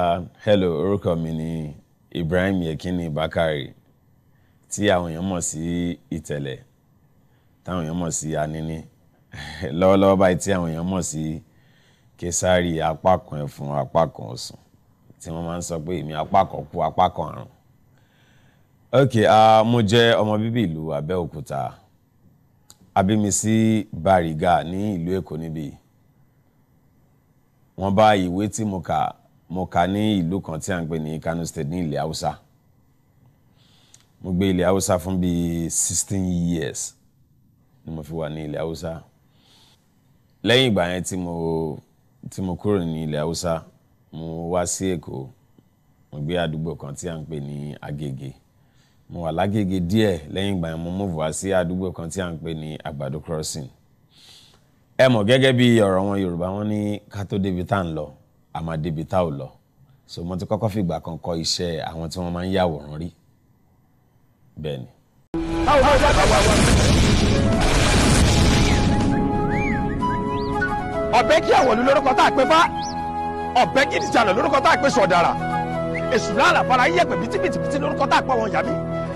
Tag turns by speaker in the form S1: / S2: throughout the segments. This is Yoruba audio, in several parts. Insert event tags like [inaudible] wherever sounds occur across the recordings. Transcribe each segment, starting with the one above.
S1: Ah, hello orúkọ mi ni Ibrahim Yekini Bakare tí àwọn èèyàn mọ̀ sí Ìtẹ̀lẹ̀ táwọn èèyàn mọ̀ sí Anini [laughs] lọ́wọ́lọ́wọ́ báyìí tí àwọn èèyàn mọ̀ sí Kesari apákan ẹ̀fún apákan ọ̀sùn tí wọ́n máa ń sọ pé èmi apákan kú apákan àrùn. ok uh, mo jẹ́ ọmọ bíbí ìlú Abẹ́òkúta abími sí Bariga ní ìlú Èkó níbí wọ́n bá ìwé tí mo kà mo kà ní ìlú kan tí a ń pè ní Kano State ní ilẹ̀ Haúsá mo gbé ilẹ̀ Haúsá fún bíi sixteen years ni mo fi wà ní ilẹ̀ Haúsá lẹ́yìn ìgbà yẹn tí mo tí mo kúrò ní ilẹ̀ Haúsá mo wá sí Èkó mo gbé àdúgbò kan tí a ń pè ní Agége mo wà lágége díẹ̀ lẹ́yìn ìgbà yẹn mo move sí àdúgbò kan tí a ń pè ní Àgbàdo Crossing ẹ mọ̀ gẹ́gẹ́ bí ọ̀rọ̀ wọn Yorùbá wọn ní ká débi tá à ń lọ a máa débi tá ò lọ so mo ti kọ́kọ́ fìgbà kan kọ́ iṣẹ́ àwọn tí wọ́n máa ń yàwòrán rí bẹ́ẹ̀ ni. ọ̀bẹ kí àwọ̀lú lórúkọ tá a pè bá ọ̀bẹ kí ìdìjànà lórúkọ tá a pè sọ̀dàrà èṣù náà làbára yẹ̀pẹ̀ bìtìbìtìbìtì lórúkọ tá a pè wọn yàmí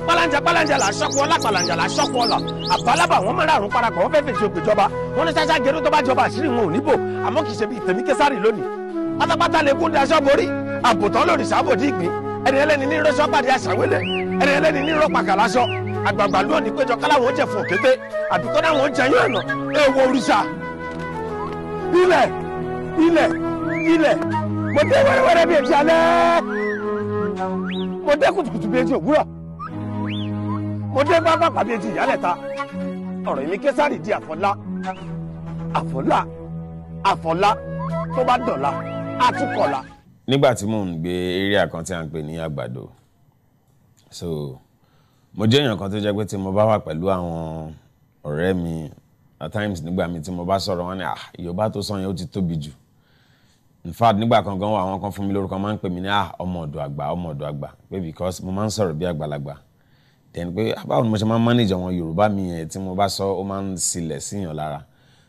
S1: palanja palanja la sọkù ọlá palanja la sọkù ọlá àbálábà wọn máa rárun parapọ̀ wọn fẹ́ẹ́ fèsì ògbèjọba wọn ní sáṣá gẹrú tó bá jọba àṣírí wọn ò níbò àmọ́ kì í ṣe bí tèmi késàrì lónìí pátápátá lè kún daṣọ borí àbùtán lórí sábòdì ìgbín ẹni ẹlẹ́ni ní rọ́ṣọ́ pàdé àṣàwélẹ̀ ẹni ẹlẹ́ni ní rọ́pàkà láṣọ àgbààgbà lónìí péjọ káláwọn oúnjẹ fún òkété àdúgbò náwọn oúnjẹ yóò nà èèwọ̀ òrìṣà ilẹ̀ ilẹ̀ ilẹ̀ mo dé wẹ́rẹ́wẹ́rẹ́ bíi etí alẹ́ mo dé kùtùkùtù bíi etí òwúrọ̀ mo dé gbàgbàgbà bíi etí ìyálẹ̀ta ọ̀rọ̀ ilé késàrì di àfọlá àfọlá àfọlá tó bá dọ̀la àtúkọ̀lá. nígbà tí mò ń gbé area kan tí a ń pè ní àgbàdo so mo jẹ́ èèyàn kan tó jẹ́ pé tí mo bá wà pẹ̀lú àwọn ọ̀rẹ́ mi at times nígbà mi tí mo bá sọ̀rọ̀ wọn ni ah yorùbá tó sọ yẹn ó ti tóbi jù in fact nígbà kan gan àwọn kan fún mi lórúkọ máa ń pè mí ní ah ọmọ ọ̀dọ̀ àgbà ọmọ ọ̀dọ̀ àgbà pé because mo máa ń sọ̀rọ̀ bí àgbàlagbà then pé ah, báwo ni mo ṣe máa ń manage àwọn yorùbá mi yẹn tí mo bá sọ ó máa ń silẹ̀ síyàn lára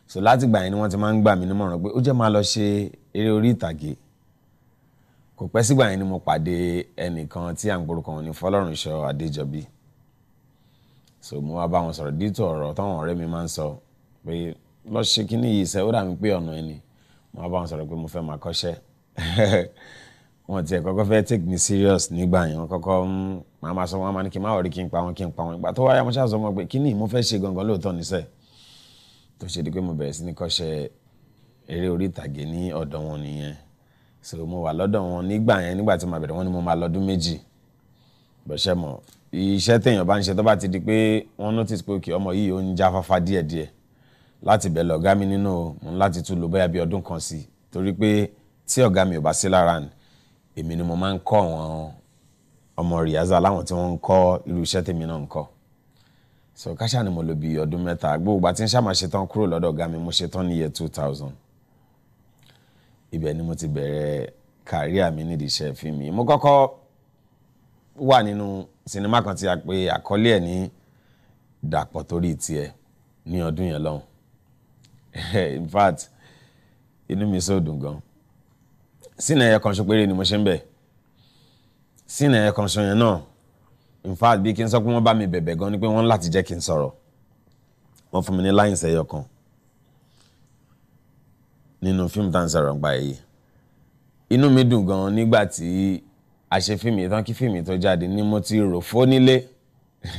S1: so láti gbà yẹn ni wọ́n ti máa ń gbà mí nímọ̀ràn pé ó jẹ́ máa lọ ṣe eré orí ìtàgé kò pẹ́ sígbà yẹn ni mo pàdé ẹnìkan tí à ń gbórúkọ wọn ní Fọlọ́runṣọ Adéjọbí so mo wá bá wọn sọ̀rọ̀ dítò ọ̀rọ̀ táwọn ọ̀rẹ́ mi máa ń sọ pé lọ ṣe kíní yìí sẹ́ ó dà mí pé ọ̀nà ẹni mo wá bá wọn sọ̀rọ̀ pé mo fẹ́ máa kọ́ṣẹ́ [laughs] wọn tiẹ̀ kọ́kọ́ fẹ́ take me serious nígbà yẹn wọn kọ́kọ́ máa máa sọ wọn máa ní kí n má wọ̀rí kí n pa wọn kí n pa wọn ìgbà tó wáyà mo ṣáà sọ wọn pé kíní mo fẹ́ ṣe gangan lóòótọ́ níṣẹ́ tó ṣe di pé mo bẹ̀rẹ̀ sí ní kọ́ṣẹ́ eré orí ìtàgé ní ọ̀dọ̀ wọn nìyẹn so mo wà lọ́dọ̀ wọn nígbà yẹn nígbà tí mo bẹ̀rẹ̀ wọn ni mo máa lọ́dún méjì bọ̀ṣẹ́ mọ̀ iṣẹ́ téèyàn bá ń ṣe tó bá ti di pé wọ́n notice pé òkè ọmọ yìí ó ń já fáfá díẹ̀díẹ̀ láti bẹ̀ lọ̀gá mi nínú mo ń láti tún lò bóyá bí ọdún kan sí torí pé tí ọ̀gá mi ò bá sí lára ni èmi ni mo máa ń kọ́ àwọn ọmọ rìaza láwọn tí wọ́n ń kọ́ irú iṣẹ́ tèmi náà ń kọ́ so káṣá ni mo lò bí ọdún mẹ́ta gbogbo àti ń ṣàmàṣetán kúrò lọ́dọ̀ ọ̀gá mi mo ṣetán ní year two thousand ibẹ̀ ni mo ti bẹ̀rẹ̀ kàríà mi nídìí iṣẹ́ fíìmù mo kọ́kọ́ wà nínú sinimá kan tí a pè àkọlé ẹ̀ ní dàpọ̀ torí tiẹ̀ ní ọdún yẹn lọ́hùn [laughs] in fact inú mi sọ dùn gan sínú ẹ̀yẹ kan péré ni mo ṣe ń bẹ̀ sínú ẹ̀yẹ kan ṣo yẹn náà in fact bí kí n sọ pé wọ́n bá mi bẹ̀bẹ̀ gan ni pé wọ́n láti jẹ́ kí n sọ̀rọ̀ wọ́n fún mi ní láyìnsẹ̀ ẹ̀yọ kan nínú fíìmù tá à ń sọ̀rọ̀ nípa èyí inú mi dùn gan nígbà tí a ṣe fíìmù yìí tán kí fíìmù yìí tó jáde ni mo ti rò fónílé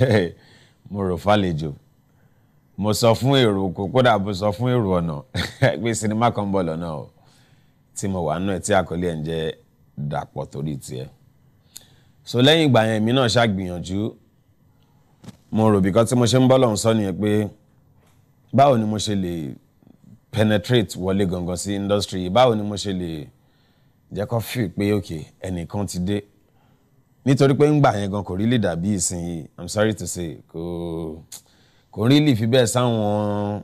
S1: [laughs] mo rò fàlejò mo sọ fún èrò kò kódà mo sọ fún èrò ọ̀nà [laughs] pé sinimá kan bọ̀ lọ́nà o tí mo wà nù ẹ̀ tí àkọlé ẹ̀ ń jẹ́ dàpọ̀ torí tiẹ̀ so lẹ́yìn ìgbà yẹn èmi náà ṣàgbìyànjú mo rò bìkan tí mo ṣe ń bọ́ lọ́hùn sọ nìyẹn pé báwo ni mo ṣe lè penetrate wọlé gangan sí industry yìí báwo ni mo ṣe lè jẹ́ kó feel pé okay ẹnìkan ti dé nítorí pé ńgbà yẹn gan kò rí lè dàbí ìsinyìí i'm sorry to say kò kò rí lè fi bẹ́ẹ̀ sáwọn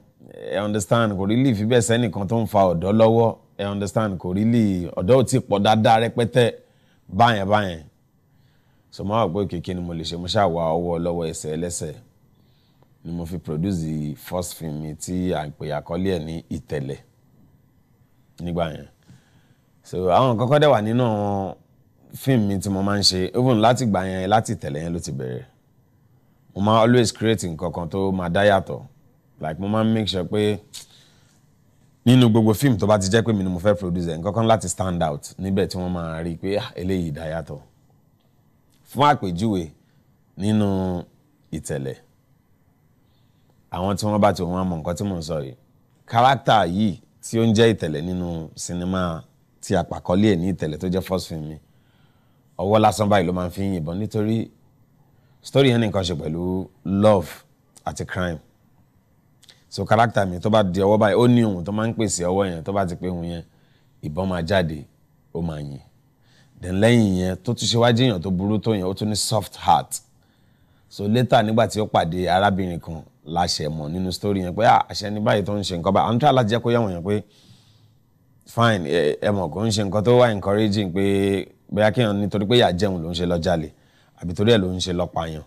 S1: ẹ understand kò rí lè fi bẹ́ẹ̀ sẹ́nìkan tó ń fa ọ̀dọ́ lọ́wọ́ ẹ understand kò rí lè ọ̀dọ́ ò tí ì pọ̀ dáadáa rẹpẹtẹ báyẹn báyẹn so mo wà pé òkè kí ni mo lè ṣe mo ṣáà ọwọ́ lọ́wọ́ ẹsẹ̀ ẹlẹ́sẹ̀ ni mo fi produce the first film mi tí à ń pè àkọlé ẹ̀ ní ìtẹ̀lẹ̀ nígbà yẹn so àwọn kọ́kọ́ dẹ̀ wà nínú fíìmù mi tí mo máa ń ṣe even láti gbà yẹn láti tẹ̀lé yẹn ló ti bẹ̀rẹ̀ mo máa always create nǹkan kan tó máa dá yàtọ̀ like mo máa make sure pé nínú gbogbo fíìmù tó bá ti jẹ́ pé mi ni mo fẹ́ produce nǹkan kan láti stand out níbẹ̀ tí wọ́n máa rí i pé ah, eléyìí dá yàtọ̀ fún àpèjúwe nínú ìtẹ̀lẹ̀ àwọn tí wọ́n bá ti wọ́n mọ̀ nǹkan tí mò ń sọ yìí kárátà yìí tí ó ń jẹ́ ìtẹ̀lẹ̀ nínú sinimá tí àpàkọ́lé ẹ̀ ní ìtẹ̀lẹ̀ tó jẹ́ first film mi ọwọ́ lásán báyìí ló máa ń fi yìnbọn nítorí story yẹn nìkan ṣe pẹ̀lú love àti crime so kárátà mi tó bá di ọwọ́ báyìí ó ní ohun tó máa ń pèsè ọwọ́ yẹn tó bá ti pé ohun yẹn ìbọn máa jáde ó máa yìn then lẹ́yìn yẹn tó tún ṣe wá jẹ́yàn tó burú tó yẹn ó tún ní soft heart so later nígbà tí ó pàdé arábìnrin kan láṣẹ mọ̀ nínú sítórì yẹn pé ah, àṣẹ ní báyìí tó ń ṣe nǹkan báyìí à ń tọ́ alájẹ́ kó yẹ̀wọ̀n yẹn pé fine ẹ mọ̀ kó ń ṣe nǹkan tó wà encouraging pé bóyá kéèyàn nítorí pé ìyà jẹun ló ń ṣe lọ jalè àbí torí ẹ̀ ló ń ṣe lọ pààyàn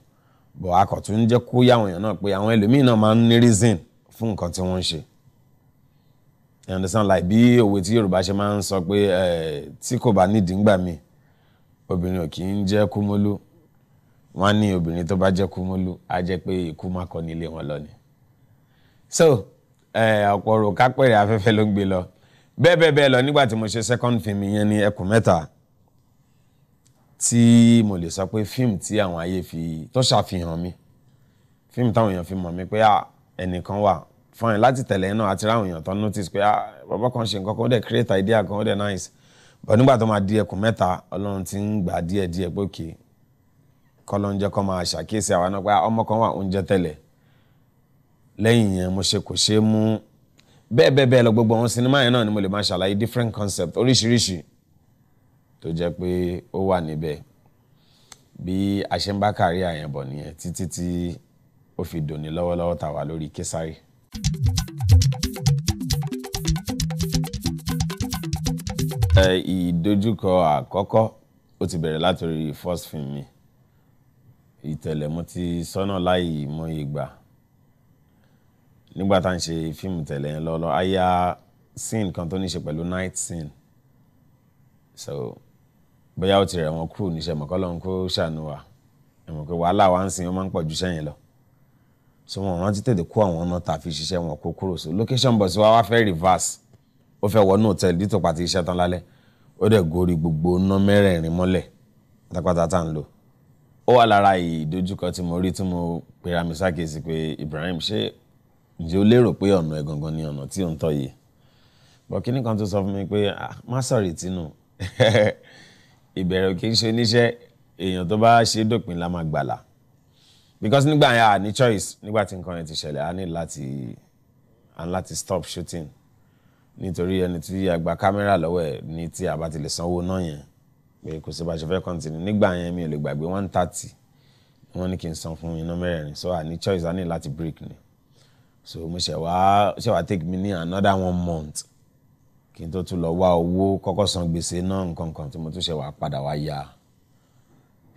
S1: bọ̀ akọ̀tún jẹ́ kó yàwọn èèyàn náà pé àwọn ẹlòmíì náà máa ń ní reason fún nǹkan tí wọ́n ń ṣe you understand like bí òwe tí Yorùbá ṣe máa ń sọ pé tí kò bá nídìí ńgbà míì obìnrin ò kì í jẹ́ kúmólú wọ́n ní obìnrin tó bá jẹ́ kúmúlú á jẹ́ pé ikú má kọ́ nílé wọn lọ ni. so ọ̀pọ̀ rò kápẹ́rẹ́ afẹ́fẹ́ ló ń gbé lọ bẹ́ẹ̀ bẹ́ẹ̀ bẹ́ẹ̀ lọ nígbà tí mo ṣe second film yẹn ní ẹkùn mẹ́ta tí mo lè sọ pé fíìmù tí àwọn ayé fi tó ṣàfihàn mi fíìmù táwọn èèyàn fi mọ̀ mi pé ẹnìkan wà fún ẹ láti tẹ̀lé náà àti ráwọn èèyàn tó notice pé bàbá kan ṣe nǹkan kan ó dẹ̀ create idea kan ó dẹ̀ nice but nígbà tó máa di ẹkùn mẹ́ta ọlọ́run ti ń gbà díẹ̀ pé òkè kọlọ́njẹ́ kọ́ máa ṣàkíyèsí àwa náà pé ah, ọmọ kan wà oúnjẹ tẹ́lẹ̀ lẹ́yìn yẹn mo ṣe kò ṣe é mú bẹ́ẹ̀ bẹ́ẹ̀ bẹ́ẹ̀ lọ gbogbo àwọn sinimá yẹn náà ni mo lè máa ṣàlàyé different concept oríṣiríṣi tó jẹ́ pé ó wà níbẹ̀ bí a ṣe ń bá kárí àyànbọ̀ nìyẹn títí tí ó fi dòní lọ́wọ́lọ́wọ́ tá wà lórí Késárì. ìdojúkọ àkọ́kọ́ ó ti bẹ̀rẹ̀ látòrí first film mi ìtẹ̀lẹ̀ mo ti sọ́nà láì mọ ìgbà nígbà tá à ń ṣe fíìmù tẹ̀lẹ̀ yẹn lọ́lọ́ a ya scene kan tó ní ṣe pẹ̀lú night scene so bóyá ó ti rẹ̀ wọ́n kúrò níṣẹ́ mọ̀kọ́ lọ́hún kó ṣàánú wa ẹ̀mọ̀ pé wàhálà wa ń sìn wọ́n máa ń pọ̀ ju sẹ́yìn lọ so wọn rántí tètè kó àwọn ọ̀nà tàfi ṣiṣẹ́ wọn kó kúrò so location bus wa wá fẹ́ reverse ó fẹ́ wọnú hòtẹ́ẹ̀lì dítò pàtí iṣẹ́ tán lálẹ́ ó dẹ̀ gorí gbogbo ná mẹ́rẹ̀ẹ̀rin mọ́lẹ̀ pátápátá tá à ń lò ó wà lára ìdojúkọ tí mo rí tí mo pera mi ṣàkíyèsí pé Ibrahim ṣé ǹjẹ́ o lérò pé ọ̀nà ẹ̀ gangan ni ọ̀nà tí ò ń tọ̀ yìí bọ̀ kí nìkan tó sọ fún mi pé má sọ̀rì tínú [laughs] ìbẹ̀rẹ̀ kì í ṣe oníṣẹ́ èèyàn tó bá ṣe dópin la máa gbàlà because nígbà yẹn a ní choice nígbà tí nǹkan yẹn ti ṣẹlẹ̀ a ní láti a ní láti stop shooting nítorí ẹni tí a gba kámẹ́rà lọ́wọ́ ẹ̀ ní tí a bá ti lè sanwó náà yẹn pé kò sí bá a ṣe fẹ́ kọ́ntínú nígbà yẹn mi ò lè gbàgbé one thirty wọ́n ní kí n san fún iná mẹ́rẹ̀ẹ̀rin so àní choice àní láti break ni so mo ṣẹ̀ wá ṣẹ̀ wá take me ní another one month kí n tó tún lọ wá owó kọ́kọ́ san gbèsè náà nǹkan kan tí mo tún ṣẹ̀ wá padà wá ya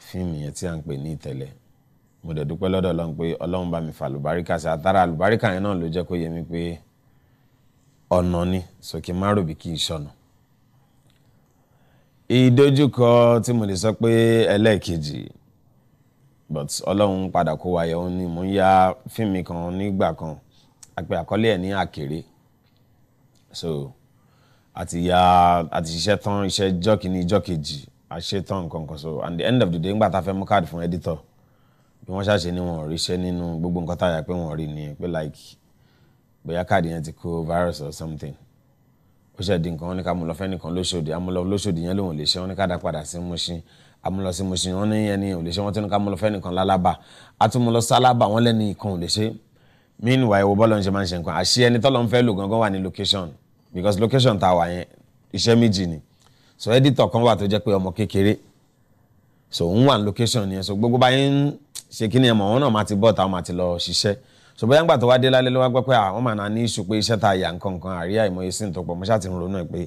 S1: fíìmù yẹn tí à ń pè ní ìtẹ̀lẹ̀ mo dẹ̀ dúpẹ́ lọ́dọ̀ ọlọ́run pé ọlọ́run bá mi fa àlùbáríkà sí àtàrà àlùbáríkà yẹn náà ló jẹ́ kó yé mi pé ọ̀nà ni so kí n má rò bí kì ṣọ̀nà ìdojúkọ tí mo lè sọ pé ẹlẹ́ẹ̀kejì but ọlọ́run padà kó wa yọ ni mo ń ya fíìmù kan nígbà kan àpè àkọlé ẹ̀ ní àkèré so àti ya àti ṣiṣẹ́ tán iṣẹ́ jọ́kìíní jọ́kejì àṣetán nǹkan kan so and the end of the day ńgbà tá a fẹ́ mú káàdì fún editor bí wọ́n ṣàṣe ni wọ́n ríṣẹ́ nínú gbogbo nǹkan tá a yà pé wọ́n rí ni pé like bóyá káàdì yẹn ti kó virus or something ó ṣe di nǹkan wọn ní ká mú lọ fẹ́nìkan lóṣòdì amúlọ lóṣòdì yẹn lòun ò lè ṣe wọn ní ká dá padà sí Mùṣín amúlọ sí Mùṣín wọn ní ẹni ò lè ṣe wọn tí ní ká mú lọ fẹ́nìkan lálábà àtúmọ̀lọ sálábà wọn lẹ́ni ìkan ò lè ṣe meanwhile wo bọ́ọ̀lù ń ṣe máa ń ṣe nǹkan àṣé ẹni tọ́lọ́ ń fẹ́ lò gangan wà ní location because location tá a wà yẹn iṣẹ́ méjì ni so editor kan wà tó jẹ́ pé ọmọ kékeré so òun wà ní location yẹn so gbogbo báyìí ṣe kí ni ẹ̀mọ̀ òun náà máa ti bọ́ọ̀ta ṣùgbọ́n yàgbà tó wá dé lálẹ́ ló wá gbọ́ pé àwọn màá ní ìṣù pé iṣẹ́ ta yà nǹkan kan àríyá ìmọ̀ye sí ìtọ́pọ̀ mo ṣáà ti ń ronú pé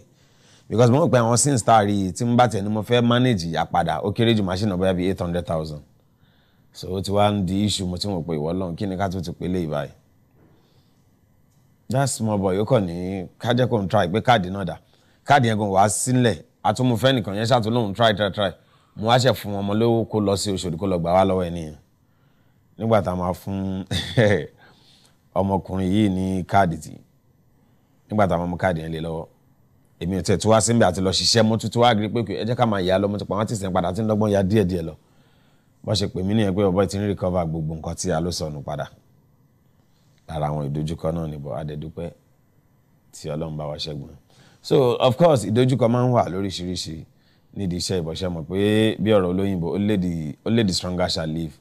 S1: because mo mọ̀ pé àwọn sins tá a rí tí ń bá tẹ̀ ni mo fẹ́ manage àpadà ó kéré jù machine ọ̀bọ̀yà bíi eight hundred thousand so ó ti wá ń di ìṣù mo ti mọ̀ pé ìwọ lọ́n kí ni ká tó ti pélé ìbáyìí that small boy yóò kàn ní kájẹ́ kò ń try pé káàdì náà dà káàdì yẹn gan wàá sílẹ̀ àtúmùfẹ́ nìkan yẹn ṣàtúnlóhùn try try try mo wá ṣe fún ọmọ lówó kó lọ sí Òṣòdì kó lọ gbà [laughs] ọmọkùnrin yìí ní káàdì tì nígbà táwọn ọmọ káàdì yẹn lé lọ́wọ́ èmi ò tẹ̀ tí wá síbi àti lọ ṣiṣẹ́ mo tuntun wá gírí pé ẹ jẹ́ ká máa yà á lọ mo ti pa wọ́n ti sìn padà tí ń lọ́gbọ́n ya díẹ̀ díẹ̀ lọ bó ṣe pè mí nìyẹn pé ọ̀bọ ti ń rìkọ́fà gbogbo nǹkan tí a ló sọnù padà lára àwọn ìdojúkọ náà nìbọn adẹ́dúpẹ́ tí Ọlọ́run bá wa ṣẹ́gun so of course ìdojúkọ máa ń wà lóríṣiríṣi nídìí iṣẹ́ ìbọ̀ṣẹ́ mọ̀ pé bí ọ̀rọ̀ olóyìnbó ó lè di stronger shall live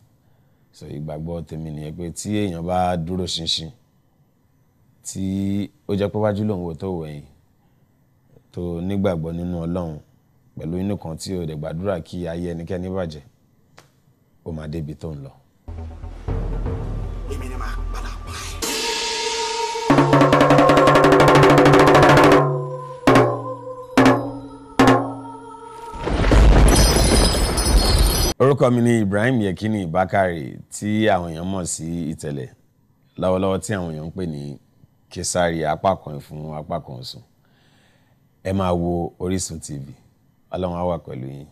S1: so ìgbàgbọ́ tèmi nìyẹn pé tí èèyàn bá dúró ṣinṣin tí ó jẹ́ pé wájú lòun wò tó wẹ̀yìn tó nígbàgbọ́ nínú ọlọ́run pẹ̀lú inú kan tí o lè gbàdúrà kí ayé ẹnikẹ́ni bàjẹ́ ó máa débi tó ń lọ. orúkọ mi ni Ibrahim Yekini Bakari, tí àwọn èèyàn mọ̀ sí ìtẹ̀lẹ̀ lọ́wọ́lọ́wọ́ tí àwọn èèyàn ń pè ní kesari apá kan ìfún apá kan ọ̀sùn ẹ máa wo Orísun TV ọlọ́run á wà pẹ̀lú yín.